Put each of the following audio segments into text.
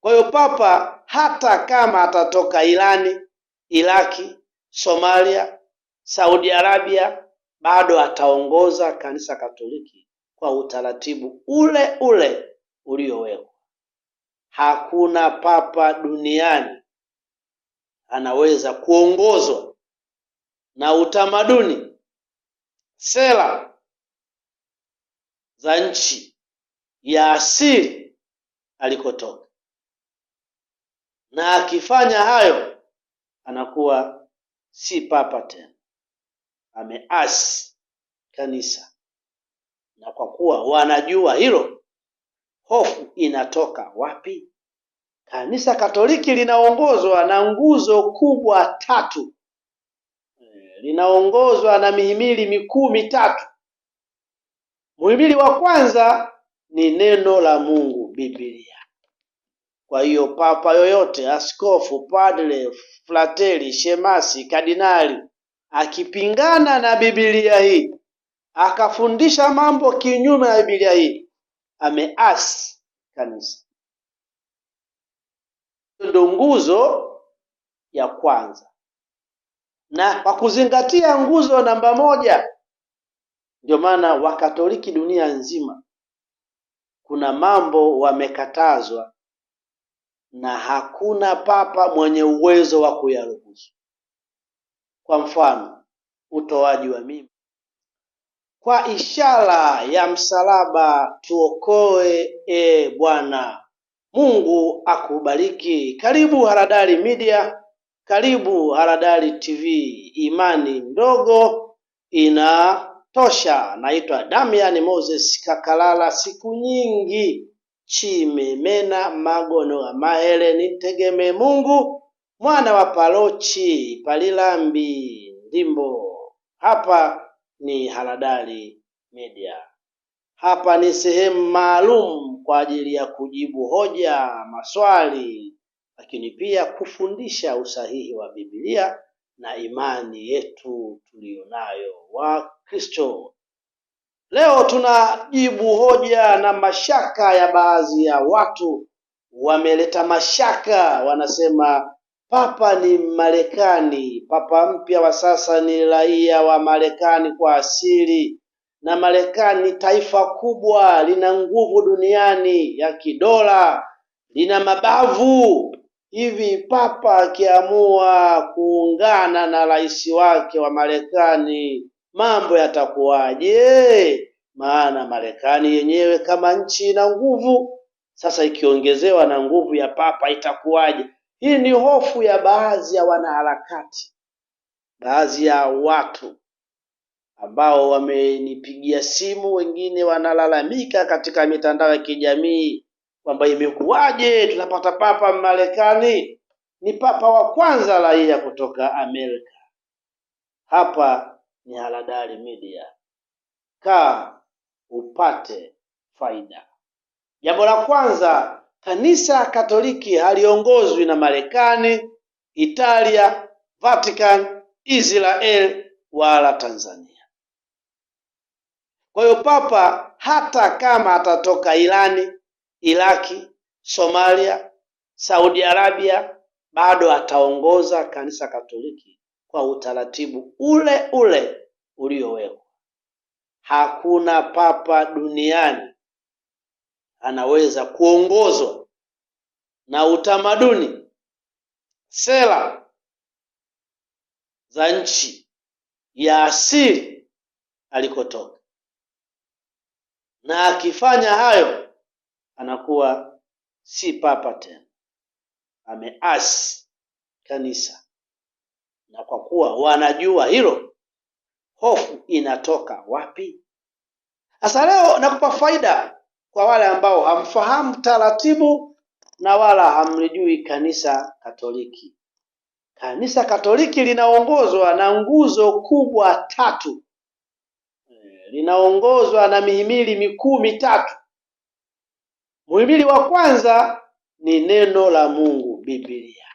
Kwa hiyo papa hata kama atatoka Irani, Iraki, Somalia, Saudi Arabia bado ataongoza kanisa Katoliki kwa utaratibu ule ule uliowekwa. Hakuna papa duniani anaweza kuongozwa na utamaduni, sera za nchi ya asili alikotoka, na akifanya hayo anakuwa si papa tena, ameasi kanisa. Na kwa kuwa wanajua hilo, hofu inatoka wapi? Kanisa Katoliki linaongozwa na nguzo kubwa tatu, eh, linaongozwa na mihimili mikuu mitatu Muhimili wa kwanza ni neno la Mungu, Biblia. Kwa hiyo papa yoyote, askofu, padre, frateri, shemasi, kardinali akipingana na Biblia hii akafundisha mambo kinyume na Biblia hii ameasi kanisa. Ndio nguzo ya kwanza, na kwa kuzingatia nguzo namba moja ndio maana Wakatoliki dunia nzima kuna mambo wamekatazwa na hakuna papa mwenye uwezo wa kuyaruhusu. Kwa mfano, utoaji wa mimba. Kwa ishara ya msalaba tuokoe, e Bwana. Mungu akubariki. Karibu Haradali Media, karibu Haradali TV. Imani ndogo ina Tosha, naitwa Damian Moses Kakalala, siku nyingi chimemena magono maele, nitegemee Mungu mwana wa palochi palilambi ndimbo. Hapa ni Haradali Media. Hapa ni sehemu maalum kwa ajili ya kujibu hoja, maswali, lakini pia kufundisha usahihi wa Biblia na imani yetu tuliyonayo. Wakristo leo tunajibu hoja na mashaka ya baadhi ya watu. Wameleta mashaka, wanasema Papa ni Marekani. Papa mpya wa sasa ni raia wa Marekani kwa asili, na Marekani taifa kubwa, lina nguvu duniani ya kidola, lina mabavu hivi papa akiamua kuungana na rais wake wa Marekani mambo yatakuwaje? Maana Marekani yenyewe kama nchi ina nguvu, sasa ikiongezewa na nguvu ya papa itakuwaje? Hii ni hofu ya baadhi ya wanaharakati, baadhi ya watu ambao wamenipigia simu, wengine wanalalamika katika mitandao ya kijamii kwamba imekuwaje tunapata papa Marekani, ni papa wa kwanza raia kutoka Amerika. Hapa ni Haradali Media, kaa upate faida. Jambo la kwanza, kanisa Katoliki haliongozwi na Marekani, Italia, Vatican, Israel wala Tanzania. Kwa hiyo papa hata kama atatoka Irani Iraki, Somalia, Saudi Arabia bado ataongoza kanisa Katoliki kwa utaratibu ule ule uliowekwa. Hakuna papa duniani anaweza kuongozwa na utamaduni, sera za nchi ya asili alikotoka, na akifanya hayo anakuwa si papa tena, ameasi kanisa. Na kwa kuwa wanajua hilo, hofu inatoka wapi? Sasa leo nakupa faida kwa wale ambao hamfahamu taratibu na wala hamlijui kanisa Katoliki. Kanisa Katoliki linaongozwa na nguzo kubwa tatu, eh, linaongozwa na mihimili mikuu mitatu Muhimili wa kwanza ni neno la Mungu, Biblia.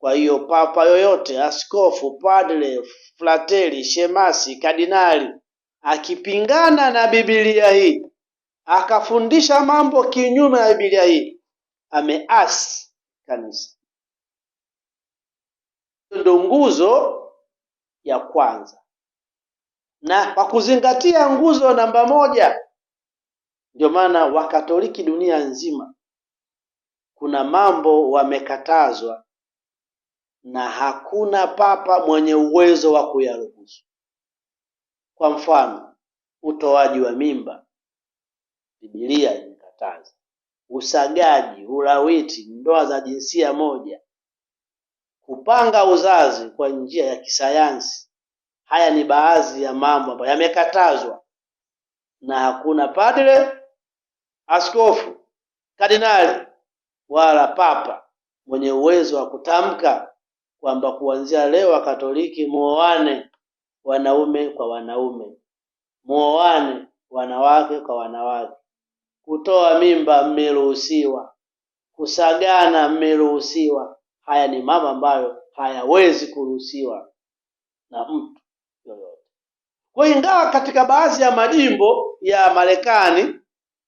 Kwa hiyo papa yoyote, askofu, padre, frateri, shemasi, kardinali akipingana na Biblia hii akafundisha mambo kinyume na Biblia hii ameasi kanisa. Ndio nguzo ya kwanza, na kwa kuzingatia nguzo namba moja ndio maana Wakatoliki dunia nzima kuna mambo wamekatazwa na hakuna papa mwenye uwezo wa kuyaruhusu. Kwa mfano, utoaji wa mimba, Biblia imekataza; usagaji, ulawiti, ndoa za jinsia moja, kupanga uzazi kwa njia ya kisayansi. Haya ni baadhi ya mambo ambayo yamekatazwa na hakuna padre askofu, kardinali wala papa mwenye uwezo wa kutamka kwamba kuanzia leo Wakatoliki muoane wanaume kwa wanaume, muoane wanawake kwa wanawake. Kutoa mimba mmeruhusiwa, kusagana mmeruhusiwa. Haya ni mambo ambayo hayawezi kuruhusiwa na mtu yoyote. Kwa ingawa katika baadhi ya majimbo ya Marekani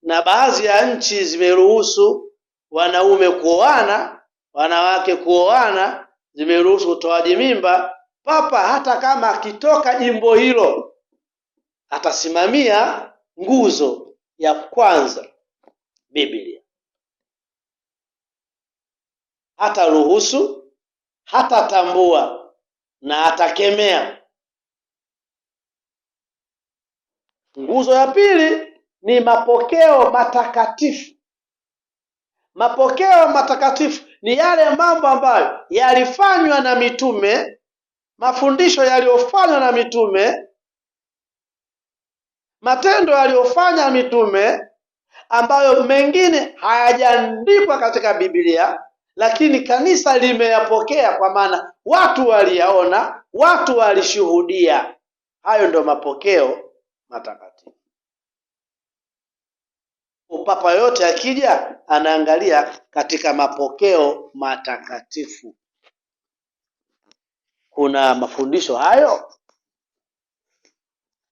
na baadhi ya nchi zimeruhusu wanaume kuoana, wanawake kuoana, zimeruhusu utoaji mimba. Papa hata kama akitoka jimbo hilo atasimamia nguzo ya kwanza Biblia, hata hatatambua na atakemea. Nguzo ya pili ni mapokeo matakatifu. Mapokeo matakatifu ni yale mambo ambayo yalifanywa na mitume, mafundisho yaliyofanywa na mitume, matendo yaliyofanya mitume, ambayo mengine hayajaandikwa katika Biblia, lakini kanisa limeyapokea kwa maana watu waliyaona, watu walishuhudia. Hayo ndio mapokeo matakatifu. Papa yote akija anaangalia katika mapokeo matakatifu. Kuna mafundisho hayo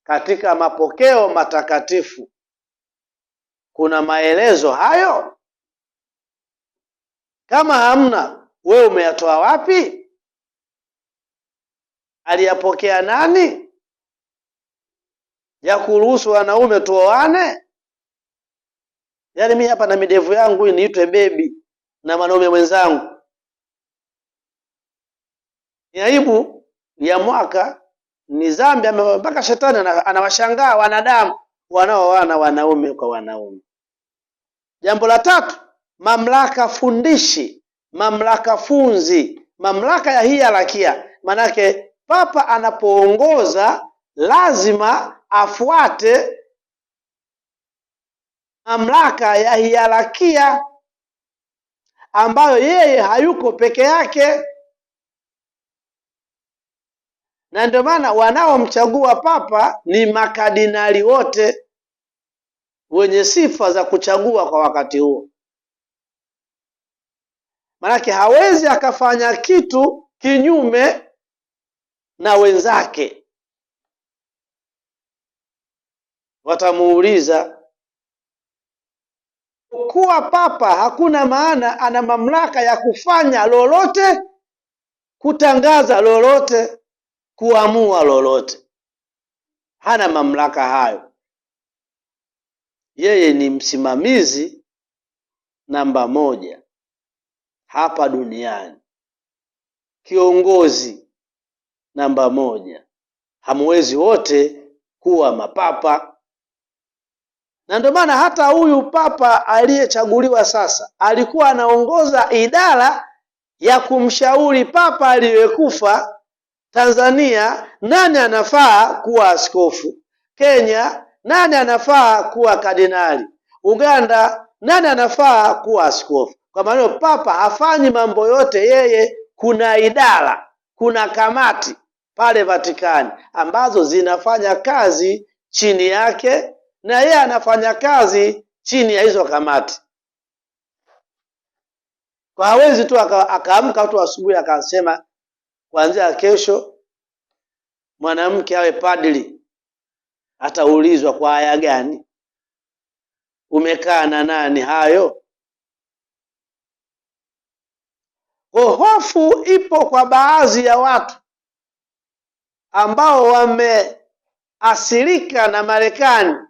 katika mapokeo matakatifu, kuna maelezo hayo? Kama hamna, wewe umeyatoa wapi? Aliyapokea nani ya kuruhusu wanaume tuoane? Yaani mi hapa na midevu yangu hii niitwe bebi na mwanaume mwenzangu. Ni aibu ya mwaka, ni dhambi mpaka shetani anawashangaa wanadamu wanaoana wanaume kwa wanaume. Jambo la tatu, mamlaka fundishi, mamlaka funzi, mamlaka ya hiyarakia. Manake papa anapoongoza lazima afuate mamlaka ya hiarakia ambayo yeye hayuko peke yake, na ndio maana wanaomchagua papa ni makadinali wote wenye sifa za kuchagua kwa wakati huo. Maanake hawezi akafanya kitu kinyume na wenzake, watamuuliza kuwa papa hakuna maana ana mamlaka ya kufanya lolote, kutangaza lolote, kuamua lolote. Hana mamlaka hayo. Yeye ni msimamizi namba moja hapa duniani, kiongozi namba moja. Hamwezi wote kuwa mapapa na ndio maana hata huyu papa aliyechaguliwa sasa alikuwa anaongoza idara ya kumshauri papa aliyekufa Tanzania, nani anafaa kuwa askofu, Kenya nani anafaa kuwa kardinali, Uganda nani anafaa kuwa askofu. Kwa maana papa hafanyi mambo yote yeye, kuna idara, kuna kamati pale Vatikani ambazo zinafanya kazi chini yake na yeye anafanya kazi chini ya hizo kamati. Kwa hawezi tu akaamka tu asubuhi akasema kuanzia kesho mwanamke awe padri. Ataulizwa kwa haya gani? Umekaa na nani hayo? Kwa hofu ipo kwa baadhi ya watu ambao wameasirika na Marekani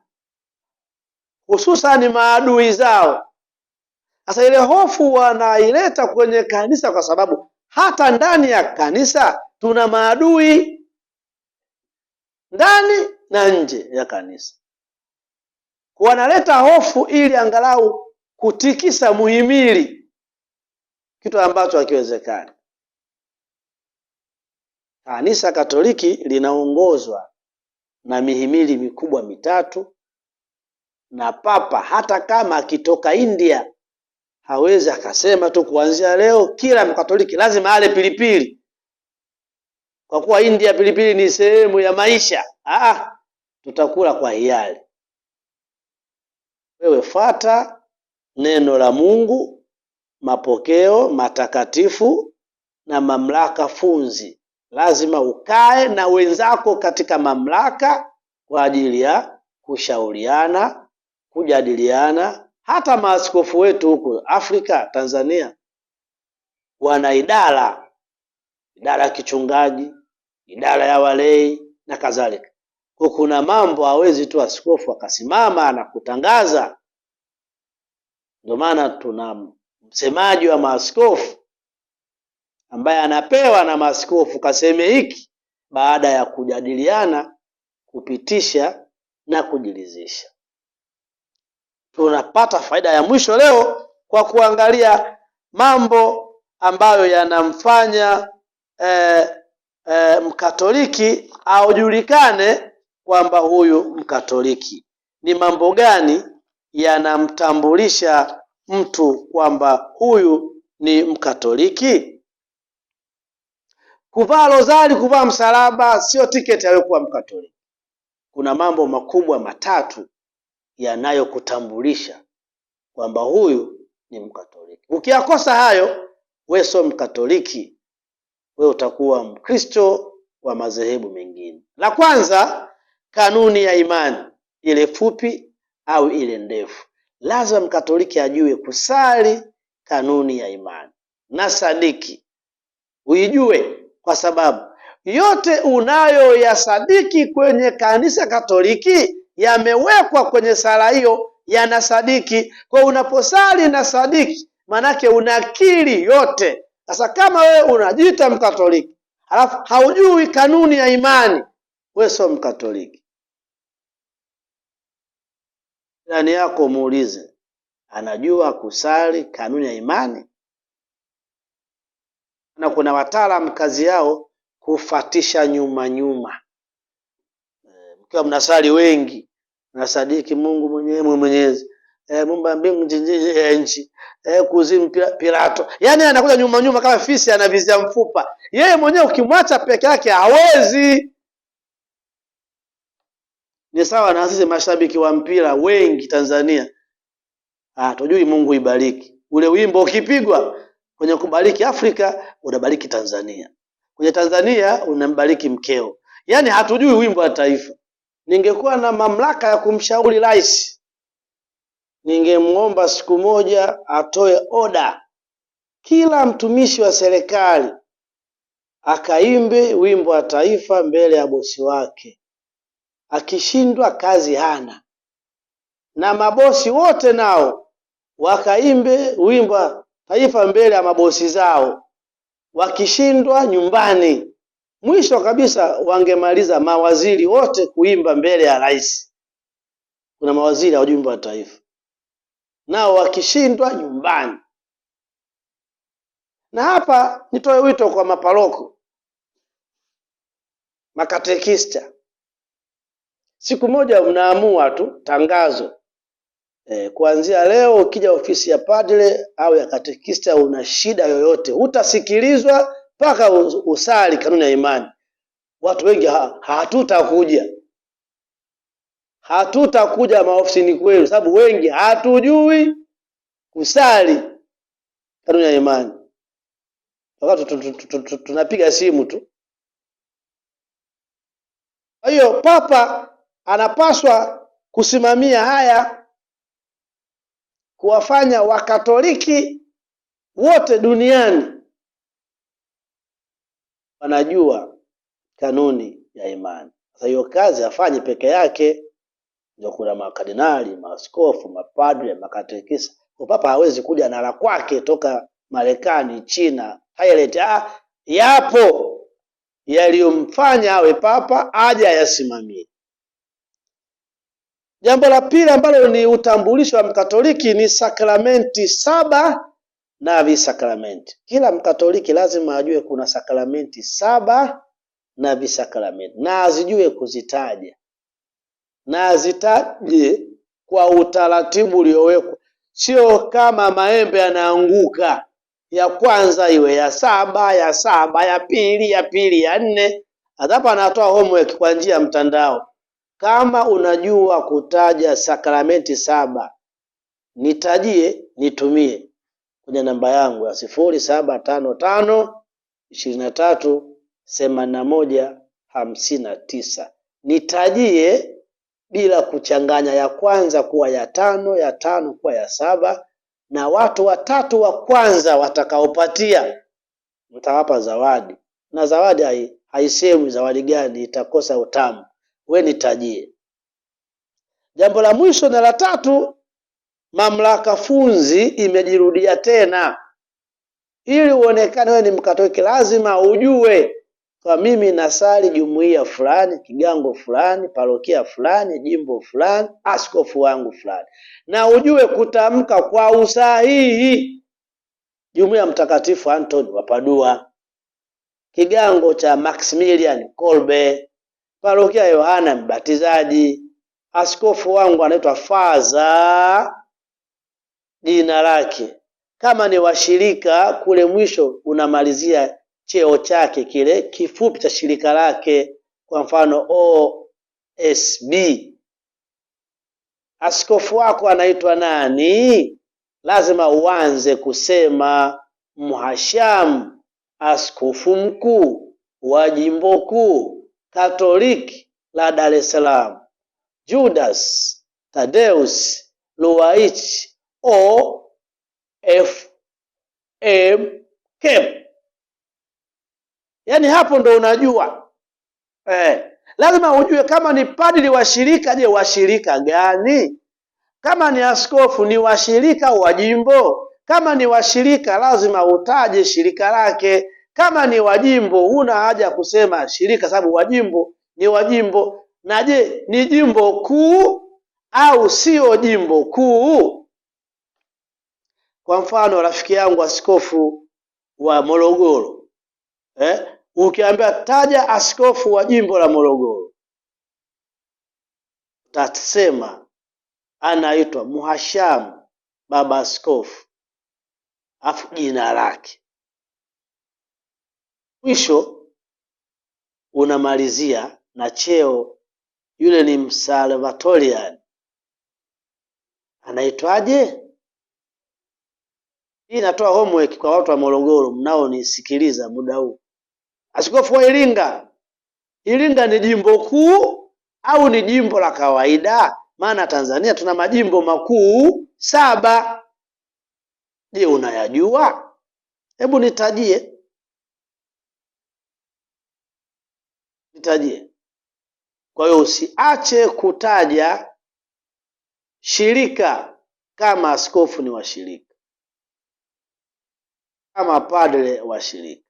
hususani maadui zao. Sasa ile hofu wanaileta kwenye kanisa, kwa sababu hata ndani ya kanisa tuna maadui, ndani na nje ya kanisa. Wanaleta hofu ili angalau kutikisa muhimili, kitu ambacho hakiwezekani. Kanisa Katoliki linaongozwa na mihimili mikubwa mitatu na papa, hata kama akitoka India hawezi akasema tu kuanzia leo kila Mkatoliki lazima ale pilipili, kwa kuwa India pilipili ni sehemu ya maisha. Ah, tutakula kwa hiari. Wewe fata neno la Mungu, mapokeo matakatifu na mamlaka funzi. Lazima ukae na wenzako katika mamlaka kwa ajili ya kushauriana kujadiliana. Hata maaskofu wetu huko Afrika, Tanzania, wana idara, idara ya kichungaji, idara ya walei na kadhalika. Kwa kuna mambo hawezi tu askofu akasimama na kutangaza. Ndio maana tuna msemaji wa maaskofu ambaye anapewa na maaskofu kaseme hiki baada ya kujadiliana, kupitisha na kujilizisha tunapata faida ya mwisho leo kwa kuangalia mambo ambayo yanamfanya eh, eh, Mkatoliki aujulikane kwamba huyu Mkatoliki. Ni mambo gani yanamtambulisha mtu kwamba huyu ni Mkatoliki? Kuvaa rozari, kuvaa msalaba sio tiketi aliyokuwa Mkatoliki. Kuna mambo makubwa matatu yanayokutambulisha kwamba huyu ni Mkatoliki. Ukiyakosa hayo, we sio Mkatoliki, we utakuwa Mkristo wa madhehebu mengine. La kwanza, kanuni ya imani, ile fupi au ile ndefu. Lazima Mkatoliki ajue kusali kanuni ya imani na sadiki, uijue kwa sababu yote unayoyasadiki kwenye kanisa Katoliki yamewekwa kwenye sala hiyo yanasadiki. Kwa unaposali na sadiki, manake unakiri yote. Sasa kama wewe unajiita Mkatoliki alafu haujui kanuni ya imani, wewe sio Mkatoliki. Jirani yako muulize, anajua kusali kanuni ya imani? Na kuna wataalamu kazi yao kufatisha nyuma nyuma ukiwa mnasali wengi, nasadiki Mungu mwenyewe mwenyezi Eh, mumba mbingu njinjiji ya nchi eh, kuzimu pirato yani anakuja nyuma nyuma kama fisi anavizia mfupa. Yeye mwenyewe ukimwacha peke yake hawezi. Ni sawa na sisi mashabiki wa mpira wengi Tanzania. Ah, tujui Mungu ibariki. Ule wimbo ukipigwa kwenye kubariki Afrika unabariki Tanzania. Kwenye Tanzania unambariki mkeo. yani hatujui wimbo wa taifa ningekuwa na mamlaka ya kumshauri rais, ningemwomba siku moja atoe oda, kila mtumishi wa serikali akaimbe wimbo wa taifa mbele ya bosi wake. Akishindwa kazi hana, na mabosi wote nao wakaimbe wimbo wa taifa mbele ya mabosi zao, wakishindwa nyumbani Mwisho kabisa wangemaliza mawaziri wote kuimba mbele ya rais. Kuna mawaziri ya wajumbe wa taifa, nao wakishindwa nyumbani. Na hapa nitoe wito kwa maparoko, makatekista, siku moja mnaamua tu tangazo Eh, kuanzia leo ukija ofisi ya padre au ya katekista, una shida yoyote, utasikilizwa mpaka usali kanuni ya imani. Watu wengi ha, hatutakuja hatutakuja maofisini kwenu, sababu wengi hatujui kusali kanuni ya imani, wakati tunapiga simu tu. Kwa hiyo papa anapaswa kusimamia haya, kuwafanya wakatoliki wote duniani wanajua kanuni ya imani. Sasa hiyo kazi afanye peke yake, ndio kuna makardinali, maaskofu, mapadre, makatekisa. Upapa hawezi kuja na la kwake toka Marekani, China, hailete ah, yapo yaliyomfanya awe papa, aje ayasimamie. Jambo la pili ambalo ni utambulisho wa Mkatoliki ni sakramenti saba na visakramenti. Kila Mkatoliki lazima ajue kuna sakramenti saba na visakramenti, na azijue kuzitaja na azitaje kwa utaratibu uliowekwa, sio kama maembe yanaanguka ya kwanza iwe ya saba ya saba ya pili ya pili ya nne. Hapa anatoa homework kwa njia ya mtandao. Kama unajua kutaja sakramenti saba, nitajie, nitumie kwenye namba yangu ya sifuri saba tano tano ishirini na tatu themanini na moja hamsini na tisa. Nitajie bila kuchanganya, ya kwanza kuwa ya tano, ya tano kuwa ya saba, na watu watatu wa kwanza watakaopatia mtawapa zawadi, na zawadi hai haisemwi zawadi gani, itakosa utamu. We nitajie. Jambo la mwisho na la tatu Mamlaka funzi imejirudia tena. Ili uonekane wewe ni Mkatoliki, lazima ujue kwa mimi nasali jumuiya fulani, kigango fulani, parokia fulani, jimbo fulani, askofu wangu fulani, na ujue kutamka kwa usahihi jumuiya Mtakatifu Antoni wa Padua, kigango cha Maximilian Kolbe, parokia Yohana Mbatizaji, askofu wangu anaitwa Faza jina lake. Kama ni washirika kule mwisho unamalizia cheo chake kile kifupi cha shirika lake, kwa mfano OSB. Askofu wako anaitwa nani? Lazima uanze kusema mhashamu askofu mkuu wa jimbo kuu Katoliki la Dar es Salaam Judas Tadeus Luwaichi O F M K. Yaani hapo ndo unajua eh. Lazima ujue kama ni padri washirika, je, washirika gani? Kama ni askofu ni washirika wa jimbo? Kama ni washirika lazima utaje shirika lake. Kama ni wajimbo huna haja ya kusema shirika, sababu wajimbo ni wajimbo. Na je, ni jimbo kuu au sio jimbo kuu? Kwa mfano rafiki yangu askofu wa Morogoro eh, ukiambia taja askofu wa jimbo la Morogoro, utasema anaitwa Muhashamu baba askofu, afu jina lake mwisho unamalizia na cheo. Yule ni Msalvatorian, anaitwaje? Hii inatoa homework kwa watu wa Morogoro mnaonisikiliza muda huu. Askofu wa Iringa, Iringa ni jimbo kuu au ni jimbo la kawaida? Maana Tanzania tuna majimbo makuu saba. Je, unayajua? Hebu nitajie, nitajie. Kwa hiyo usiache kutaja shirika kama askofu ni washirika padre wa shirika.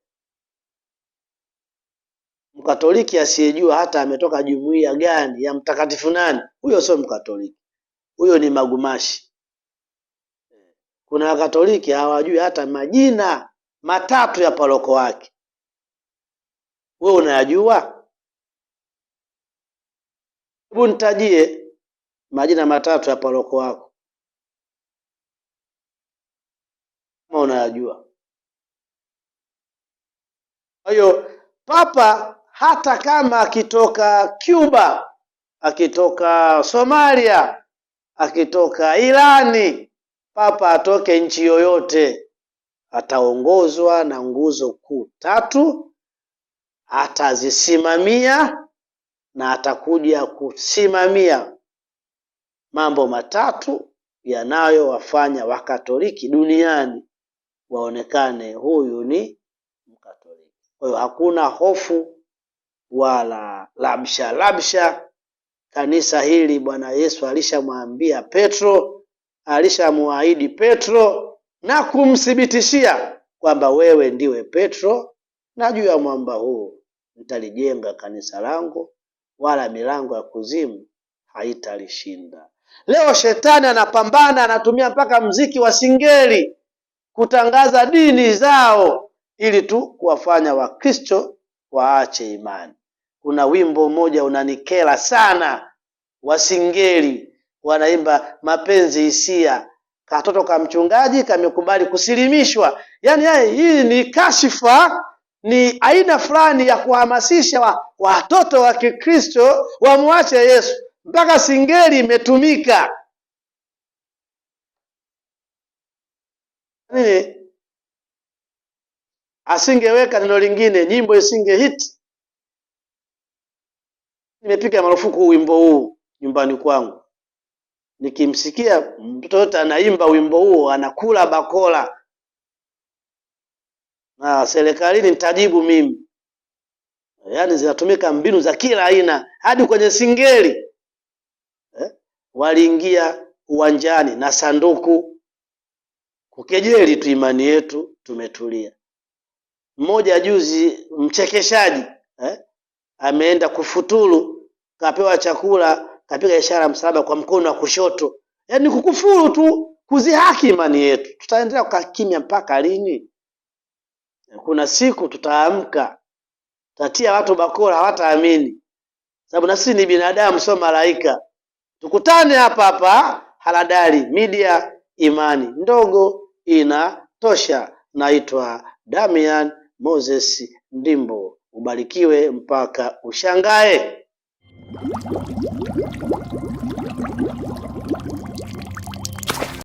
Mkatoliki asiyejua hata ametoka jumuiya gani ya mtakatifu nani, huyo sio Mkatoliki, huyo ni magumashi. Kuna Wakatoliki hawajui hata majina matatu ya paroko wake, wewe unayajua? Hebu nitajie majina matatu ya paroko wako kama unayajua. Kwa hiyo papa hata kama akitoka Cuba, akitoka Somalia, akitoka Irani, papa atoke nchi yoyote, ataongozwa na nguzo kuu tatu, atazisimamia na atakuja kusimamia mambo matatu yanayowafanya Wakatoliki duniani waonekane, huyu ni kwa hiyo hakuna hofu wala labsha labsha. Kanisa hili Bwana Yesu alishamwambia Petro, alishamwahidi Petro na kumthibitishia kwamba wewe ndiwe Petro, na juu ya mwamba huu nitalijenga kanisa langu, wala milango ya kuzimu haitalishinda. Leo shetani anapambana, anatumia mpaka mziki wa Singeli kutangaza dini zao ili tu kuwafanya Wakristo waache imani. Kuna wimbo mmoja unanikela sana, wasingeli wanaimba mapenzi hisia, katoto ka mchungaji kamekubali kusilimishwa. Yaani yaye, yaani, hii ni kashifa, ni aina fulani ya kuhamasisha watoto wa Kikristo wamwache Yesu, mpaka singeli imetumika yaani, asingeweka neno lingine, nyimbo isinge hit. Nimepiga marufuku wimbo huu nyumbani kwangu. Nikimsikia mtoto yote anaimba wimbo huo, anakula bakola, na serikalini nitajibu mimi. Yaani zinatumika mbinu za kila aina, hadi kwenye singeli eh? Waliingia uwanjani na sanduku kukejeli tu imani yetu, tumetulia. Mmoja juzi mchekeshaji eh, ameenda kufuturu, kapewa chakula, kapiga ishara ya msalaba kwa mkono wa kushoto. Yaani kukufuru tu, kuzihaki imani yetu. Tutaendelea kukaa kimya mpaka lini? Kuna siku tutaamka, tatia watu bakora, hawataamini sababu na sisi ni binadamu, sio malaika. Tukutane hapa hapa Haradali Media, imani ndogo inatosha. Naitwa Damian Moses Ndimbo, ubarikiwe mpaka ushangae.